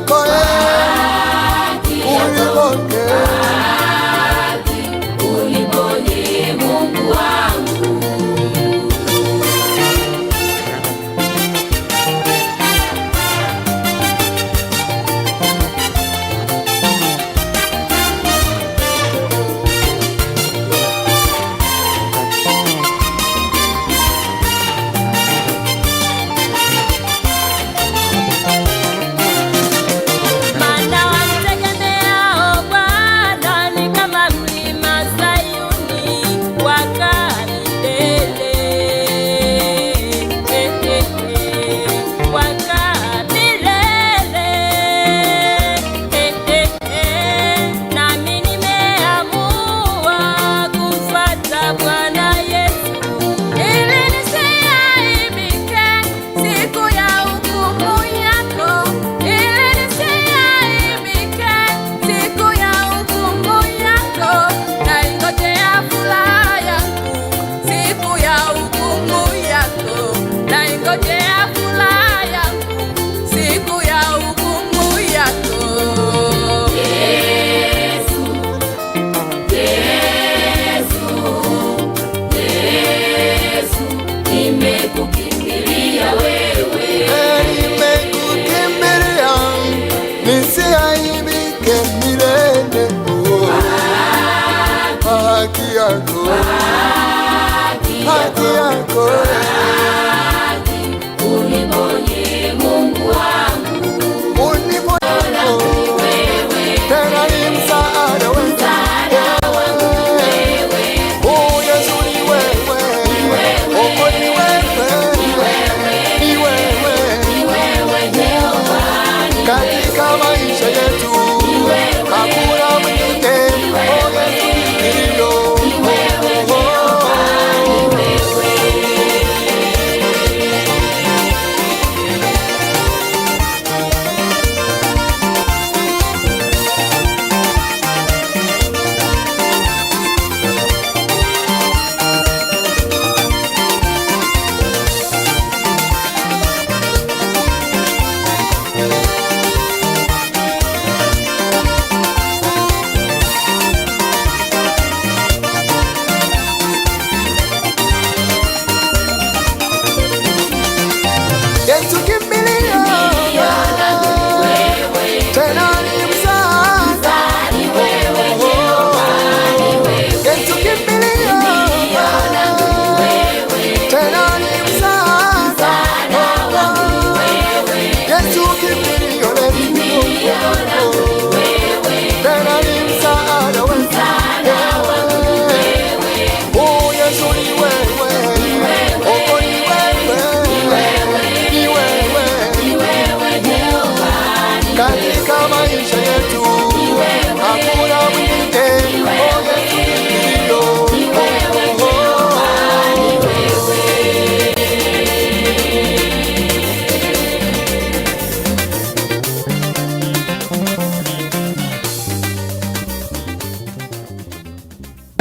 yako, ee, eh, uipokee yeah.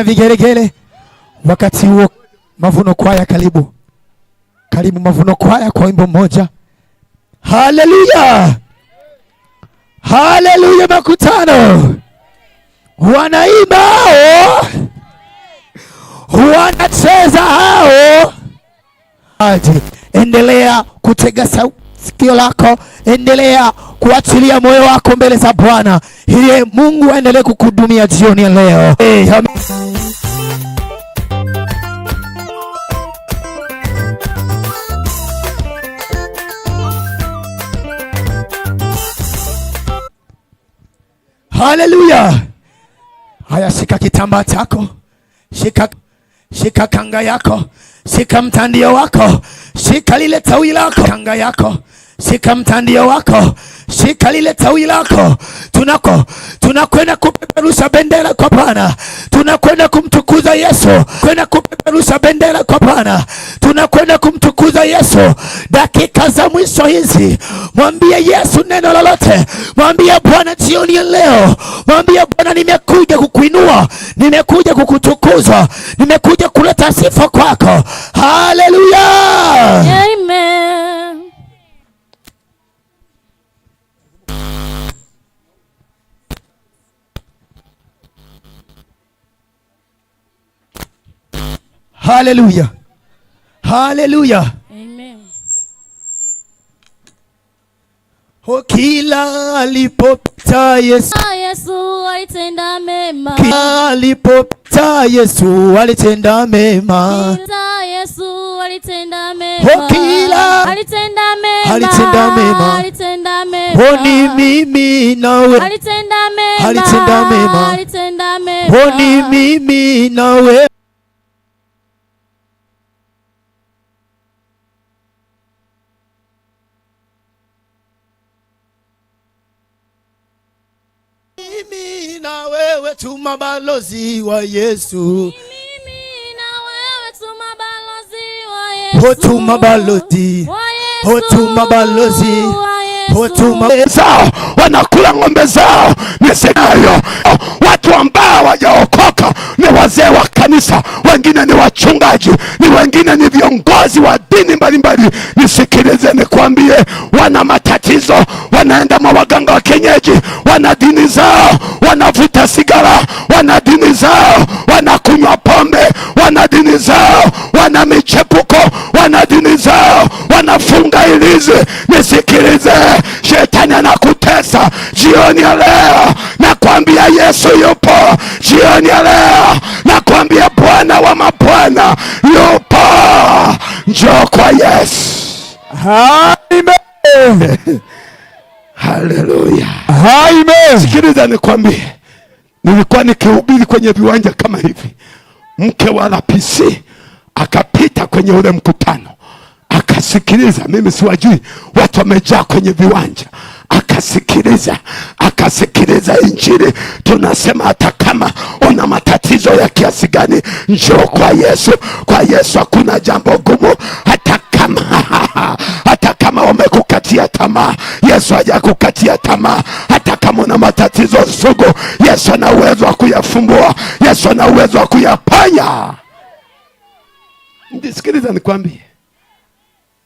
vigelegele. Wakati huo Mavuno Kwaya, karibu karibu Mavuno Kwaya kwa wimbo mmoja. Haleluya, haleluya! Makutano wanaimba hao, wanacheza hao. Aje, endelea kutega sauti sikio lako, endelea kuachilia moyo wako mbele za Bwana ili Mungu aendelee kukuhudumia jioni ya leo. Hey, Haleluya! Haya, shika kitambaa chako, shika Shika kanga yako, shika mtandio wako, shika lile tawi lako, kanga yako, shika mtandio wako, shika lile tawi lako. Tunako tunakwenda kupeperusha bendera kwa Bwana, tunakwenda kumtukuza Yesu, kwenda kupeperusha bendera kwa Bwana, tunakwenda kumtukuza Yesu. Dakika za mwisho hizi, mwambie Yesu neno lolote, mwambie Bwana jioni ya leo, mwambie Bwana, nimekuja kukuinua, nimekuja kukutukuza kutukuzwa, nimekuja kuleta sifa kwako. Haleluya, amen. Haleluya, haleluya. Kila alipopita ah, Yesu alitenda mema, kila alipopita Yesu alitenda mema, kila oh, alitenda mema, alitenda mema, alitenda mema, honi oh, mimi nawe, alitenda mema, alitenda mema, honi oh, mimi nawe mimi na wewe tu mabalozi wa Yesu, hotuma balozi, hotuma balozi, hotuma e zao wanakula ng'ombe zao. Nisikayo watu ambao wajaokoka ni wazee wa kanisa, wengine ni wachungaji, ni wengine ni viongozi wa dini mbalimbali. Nisikilize nikwambie, wana matatizo, wanaenda mawaganga wa kienyeji, wana dini zao, wanavuta sigara, wana dini zao, wanakunywa pombe, wana dini zao, wana michepuko, wana dini zao, wanafunga ilizi. Nisikilize, shetani anakutesa jioni ya leo, nakwambia Yesu yupo jioni ya leo. Bwana wa mabwana yupo. Njoo kwa Yesu. Amen. Haleluya. Amen. Sikiliza nikwambie, nilikuwa nikihubiri kwenye viwanja kama hivi, mke wa lapisi akapita kwenye ule mkutano, akasikiliza. Mimi siwajui watu wamejaa kwenye viwanja akasikiliza, akasikiliza Injili. Tunasema hata kama una matatizo ya kiasi gani, njoo kwa Yesu. Kwa Yesu hakuna jambo gumu, hata kama hata kama umekukatia tamaa, Yesu hajakukatia tamaa. Hata kama una matatizo sugu, Yesu ana uwezo wa kuyafumbua, Yesu ana uwezo wa kuyaponya. Ndisikiliza nikwambie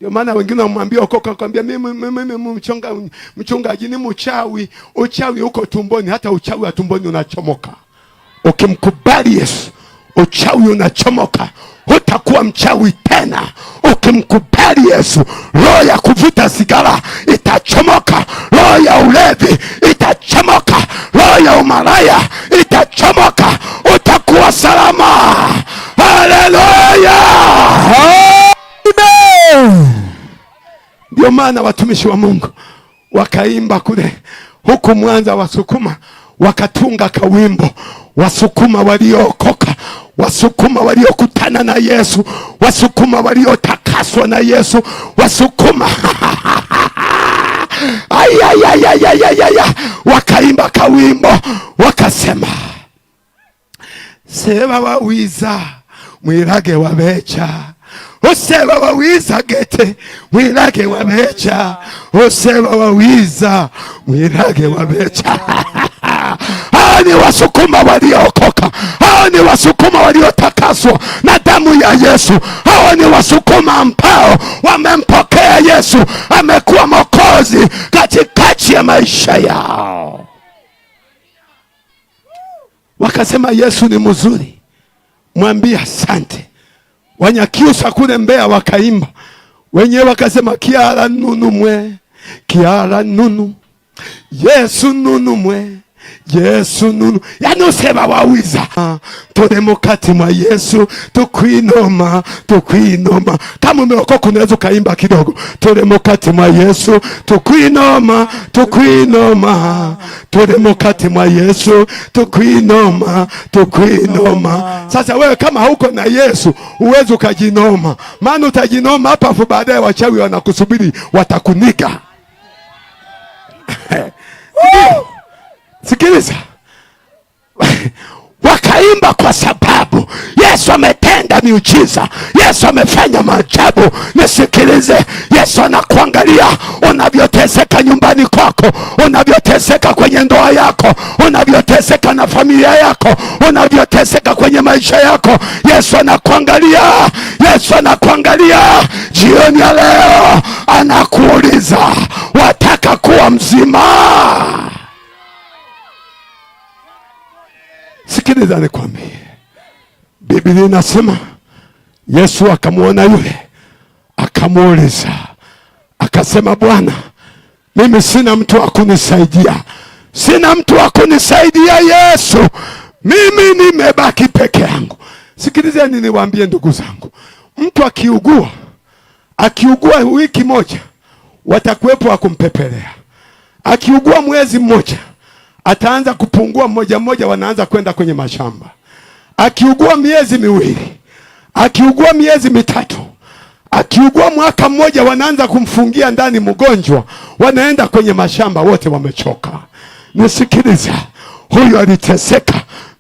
ndio maana wengine wamwambia okoka, akwambia mimi mimi mchonga mchungaji ni mchawi. Uchawi uko tumboni, hata uchawi wa tumboni unachomoka. Ukimkubali Yesu, uchawi unachomoka, hutakuwa mchawi tena. Ukimkubali Yesu, roho ya kuvuta sigara itachomoka, roho ya ulevi itachomoka, roho ya umalaya itachomoka. Ndio maana watumishi wa Mungu wakaimba kule huku Mwanza, Wasukuma wakatunga kawimbo, Wasukuma waliookoka, Wasukuma waliokutana na Yesu, Wasukuma waliotakaswa na Yesu, Wasukuma ayayayayayaya wakaimba kawimbo, wakasema seva wawiza mwirage wabecha useba wawiza gete mwirage wabecha useba wawiza mwirage wabecha hawa ni wasukuma waliokoka hawa ni wasukuma waliotakaswa na damu ya Yesu hawa ni wasukuma ambao wamempokea Yesu amekuwa mokozi katikati ya maisha yao wakasema Yesu ni mzuri mwambie asante Wanyakyusa kule Mbeya wakaimba wenyewe, wakasema kiara mwe kiara nunu Yesu nunu mwe Yesu nunu yani useba wawiza tore mukati mwa Yesu tukwinoma tukwinoma. Kama umeokoka unaweza ukaimba kidogo, tore mukati mwa Yesu tukwinoma tukwinoma, tore mukati mwa Yesu tukwinoma tukwinoma. Sasa wewe kama hauko na Yesu uwezi ukajinoma, maana utajinoma hapa, afu baadaye wachawi wanakusubiri watakunika Sikiliza, wakaimba kwa sababu Yesu ametenda miujiza, Yesu amefanya maajabu. Nisikilize, Yesu anakuangalia unavyoteseka nyumbani kwako, unavyoteseka kwenye ndoa yako, unavyoteseka na familia yako, unavyoteseka kwenye maisha yako. Yesu anakuangalia, Yesu anakuangalia jioni ya leo, anakuuliza wataka kuwa mzima? Sikiliza nikwambie, Biblia inasema Yesu akamwona yule, akamuuliza akasema, Bwana, mimi sina mtu wa kunisaidia, sina mtu wa kunisaidia Yesu, mimi nimebaki peke yangu. Sikilizeni niwaambie ndugu zangu, mtu akiugua akiugua wiki moja, watakuwepo wa kumpepelea. Akiugua mwezi mmoja ataanza kupungua mmoja mmoja, wanaanza kwenda kwenye mashamba. Akiugua miezi miwili, akiugua miezi mitatu, akiugua mwaka mmoja, wanaanza kumfungia ndani mgonjwa, wanaenda kwenye mashamba, wote wamechoka. Nisikiliza, huyu aliteseka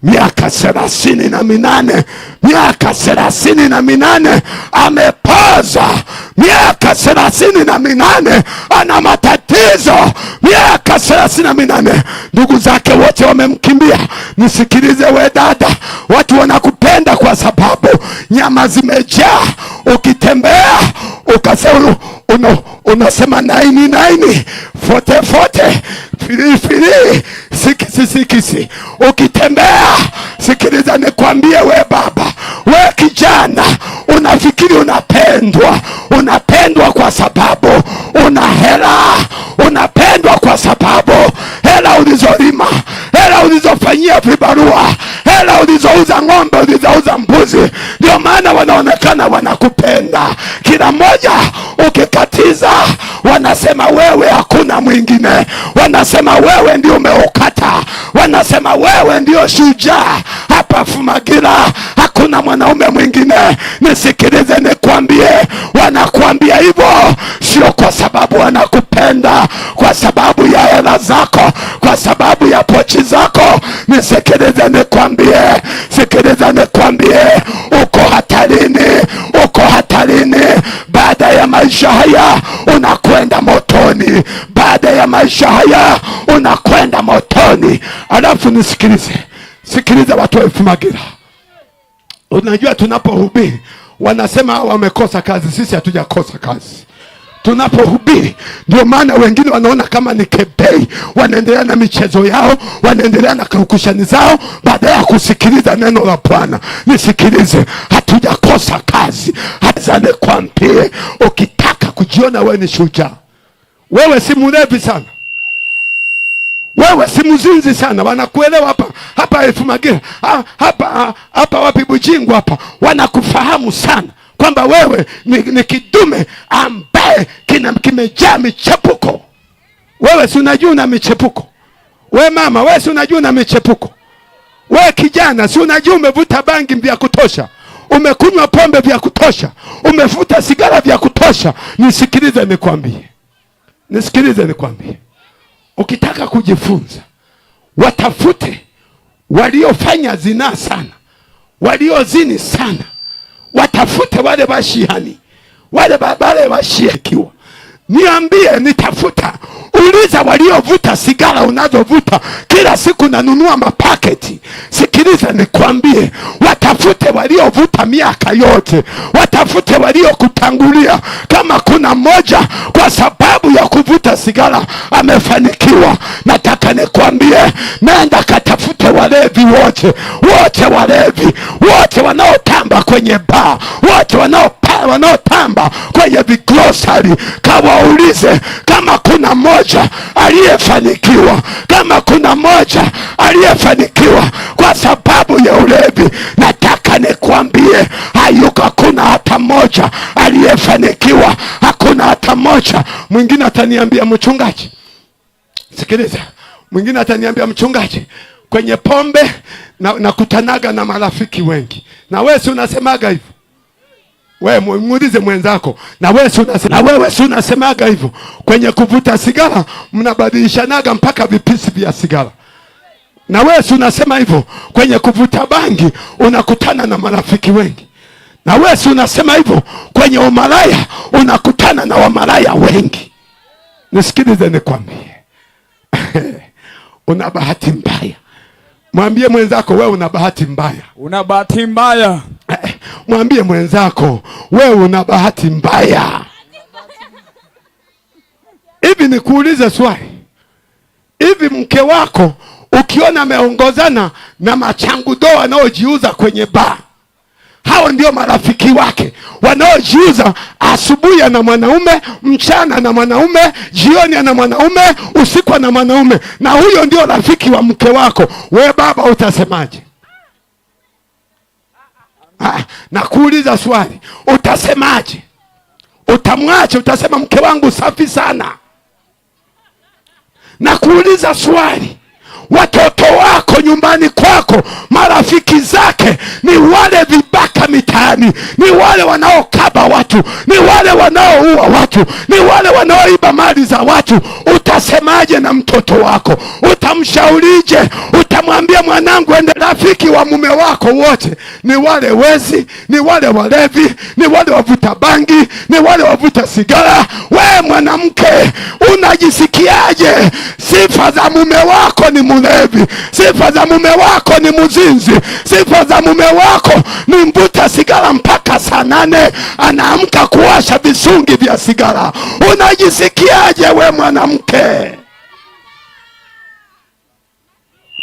miaka thelathini na minane miaka thelathini na minane amepaza miaka thelathini na minane ana matatizo, miaka thelathini na minane ndugu zake wote wamemkimbia. Nisikilize we dada, watu wanakupenda kwa sababu nyama zimejaa. Ukitembea ukasema uno unasema naini naini, fote fote, fili sikisi sikisi, ukitembea. Sikiliza nikwambie we baba, we kijana, unafikiri una unapendwa. Unapendwa kwa sababu una hela, unapendwa kwa sababu hela ulizolima, hela ulizofanyia vibarua, hela ulizouza ng'ombe, ulizouza mbuzi, ndio maana wanaonekana wanakupenda. Kila mmoja ukikatiza, wanasema wewe, hakuna mwingine. Wanasema wewe ndio umeukata, wanasema wewe ndio shujaa hapa Fumagira mwanaume mwingine. Nisikilize nikwambie, wanakuambia hivyo sio kwa sababu wanakupenda, kwa sababu ya hela zako, kwa sababu ya pochi zako. Nisikilize nikwambie, sikiliza nikwambie, uko hatarini, uko hatarini. Baada ya maisha haya unakwenda motoni, baada ya maisha haya unakwenda motoni. Alafu nisikilize, sikiliza watu wa Ifumagira. Unajua, tunapohubiri wanasema wamekosa kazi. Sisi hatujakosa kazi tunapohubiri ndio maana wengine wanaona kama ni kebei, wanaendelea na michezo yao, wanaendelea na karukushani zao baada ya kusikiliza neno la Bwana. Nisikilize, hatujakosa kazi. Hazane nikwambie, ukitaka kujiona wewe ni shujaa, wewe si mlevi sana, wewe si mzinzi sana, wanakuelewa hapa hapa elfu magira hapa hapa wapi Bujingu hapa, wanakufahamu sana kwamba wewe ni, ni kidume ambaye kimejaa michepuko. Wewe si unajua na michepuko? We mama, wewe si unajua na michepuko? wewe kijana, si unajua umevuta bangi vya kutosha, umekunywa pombe vya kutosha, umevuta sigara vya kutosha. Nisikilize nikwambie, nisikilize nikwambie Ukitaka kujifunza, watafute waliofanya zinaa sana, waliozini sana, watafute wale washiani wale babale washiekiwa. niambie, nitafuta. Uliza waliovuta sigara unazovuta kila siku, nanunua mapaketi. Sikiliza nikwambie, watafute waliovuta miaka yote, watafute waliokutangulia, kama kuna mmoja, kwa sababu ya anavuta sigara amefanikiwa. Nataka nikwambie, nenda katafute walevi wote wote, walevi wote wanaotamba kwenye baa, wote wanaotamba kwenye vigrosari, kawaulize kama kuna mmoja aliyefanikiwa, kama kuna mmoja aliyefanikiwa kwa sababu ya ulevi. Nataka nikwambie, hayuko, hakuna hata mmoja aliyefanikiwa hata moja. Mwingine ataniambia mchungaji, sikiliza, mwingine ataniambia mchungaji, kwenye pombe nakutanaga na, na marafiki wengi. Na wewe si unasemaga hivyo? Wewe muulize mwenzako, na wewe si unasema, na wewe si unasemaga hivyo? Kwenye kuvuta sigara mnabadilishanaga mpaka vipisi vya sigara na wewe si unasema hivyo? Kwenye kuvuta bangi unakutana na marafiki wengi na wewe si unasema hivyo kwenye umalaya, unakutana na wamalaya wengi. Nisikilize nikwambie, una bahati mbaya. Mwambie mwenzako wewe una bahati mbaya, una bahati mbaya. Eh, mwambie mwenzako wewe una bahati mbaya. Hivi nikuulize swali, hivi mke wako ukiona ameongozana na machangudoa anaojiuza kwenye baa hao ndio marafiki wake wanaojiuza asubuhi ana mwanaume, mchana ana mwanaume, jioni ana mwanaume, usiku ana mwanaume. Na huyo ndio rafiki wa mke wako. We baba, utasemaje? Ah, ah, nakuuliza swali, utasemaje? Utamwache? Utasema mke wangu safi sana? Nakuuliza swali watoto wako nyumbani kwako, marafiki zake ni wale vibaka mitaani, ni wale wanaokaba watu, ni wale wanaoua watu, ni wale wanaoiba mali za watu. Utasemaje na mtoto wako? Utamshaurije? Utamwambia mwanangu, ende rafiki wa mume wako wote ni wale wezi, ni wale walevi, ni wale wavuta bangi, ni wale wavuta sigara We mwanamke, unajisikiaje? Sifa za mume wako ni mlevi, sifa za mume wako ni mzinzi, sifa za mume wako ni mvuta sigara mpaka saa nane anaamka kuwasha visungi vya sigara. Unajisikiaje we mwanamke?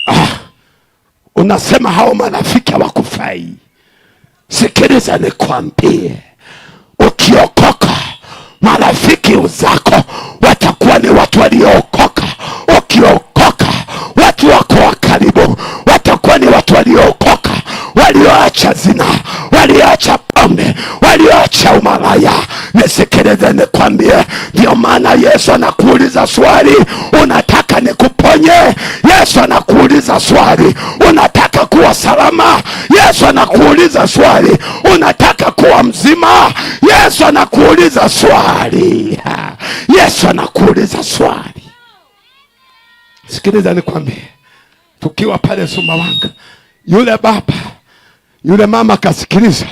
Ah, unasema hao marafiki hawakufai. Sikiliza nikwambie, ukiokoka marafiki zako watakuwa ni watu waliookoka. Ukiokoka watu wako wa karibu watakuwa ni watu waliookoka, walioacha zina, walioacha pombe, walioacha umalaya. Nisikilize nikwambie, ndio maana Yesu anakuuliza swali, unataka nikuponye? Yesu anakuuliza swali, unataka kuwa salama? Yesu anakuuliza swali, unataka utakuwa mzima. Yesu anakuuliza swali, Yesu anakuuliza swali. Sikiliza nikwambie, tukiwa pale sumawanga yule baba yule mama akasikiliza,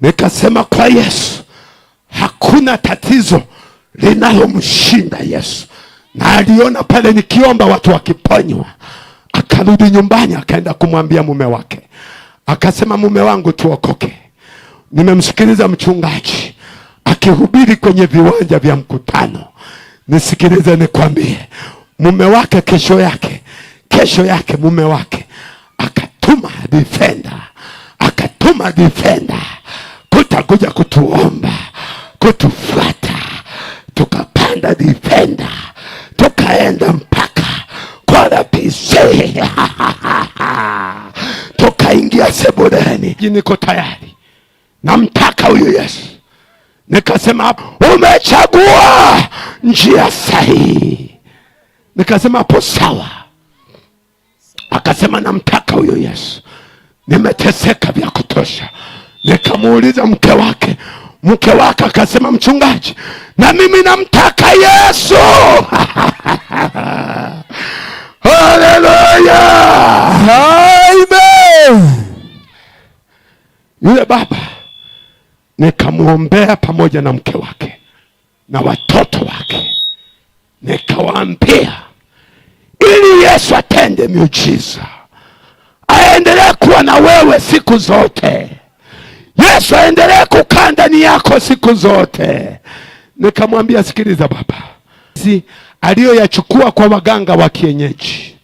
nikasema kwa Yesu hakuna tatizo linalomshinda Yesu, na aliona pale nikiomba watu wakiponywa. Akarudi nyumbani, akaenda kumwambia mume wake, akasema mume wangu, tuokoke. Nimemsikiliza mchungaji akihubiri kwenye viwanja vya mkutano. Nisikilize nikwambie, mume wake kesho yake kesho yake mume wake akatuma defender, akatuma defender kutakuja kutuomba kutufuata, tukapanda defender tukaenda mpaka kwa rapise tukaingia sebuleni. Niko tayari namtaka huyu Yesu. Nikasema umechagua njia sahihi. Nikasema hapo sawa. Akasema namtaka huyo Yesu, nimeteseka vya kutosha. Nikamuuliza mke wake, mke wake akasema, mchungaji, na mimi namtaka Yesu. Haleluya, amen. Yule baba nikamwombea pamoja na mke wake na watoto wake, nikawaambia ili Yesu atende miujiza, aendelee kuwa na wewe siku zote, Yesu aendelee kukaa ndani yako siku zote. Nikamwambia, sikiliza baba, si aliyoyachukua kwa waganga wa kienyeji.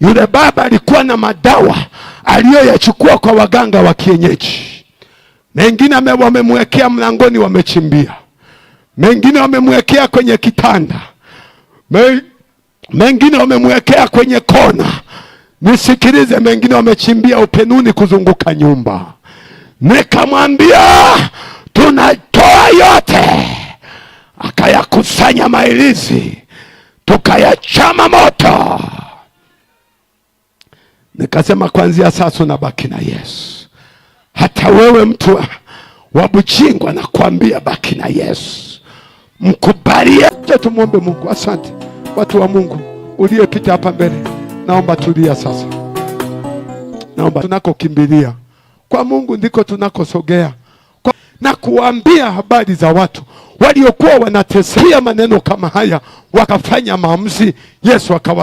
Yule baba alikuwa na madawa aliyoyachukua kwa waganga wa kienyeji mengine wamemwekea mlangoni, wamechimbia, mengine wamemwekea kwenye kitanda, mengine wamemwekea kwenye kona. Nisikilize, mengine wamechimbia upenuni, kuzunguka nyumba. Nikamwambia tunatoa yote, akayakusanya mailizi, tukayachama moto. Nikasema kuanzia sasa unabaki na Yesu. Hata wewe mtu wa Buchingu anakuambia baki na Yesu, mkubalie. Tumwombe Mungu. Asante watu wa Mungu uliyepita hapa mbele, naomba tulia sasa, naomba tunakokimbilia kwa Mungu ndiko tunakosogea kwa... na kuambia habari za watu waliokuwa wanatesia maneno kama haya, wakafanya maamuzi, Yesu akawa